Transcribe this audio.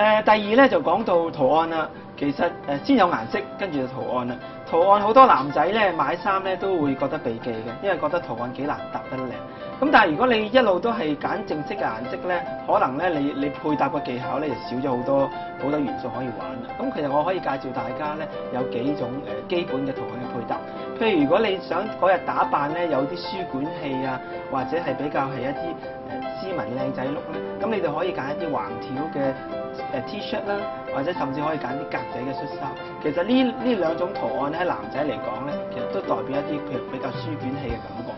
誒、呃、第二咧就講到圖案啦，其實誒、呃、先有顏色，跟住，就圖案啦。圖案好多男仔咧買衫咧都會覺得避忌嘅，因為覺得圖案幾難搭得靚。咁但係如果你一路都係揀正式嘅顏色咧，可能咧你你配搭嘅技巧咧就少咗好多好多元素可以玩啦。咁其實我可以介紹大家咧有幾種誒、呃、基本嘅圖。譬如如果你想日打扮咧有啲書卷氣啊，或者係比較係一啲誒斯文靚仔 look 咧，咁你哋可以揀一啲橫條嘅誒 T-shirt 啦、啊，或者甚至可以揀啲格仔嘅恤衫。其實呢呢兩種圖案咧喺男仔嚟講咧，其實都代表一啲譬如比較書卷氣嘅感覺。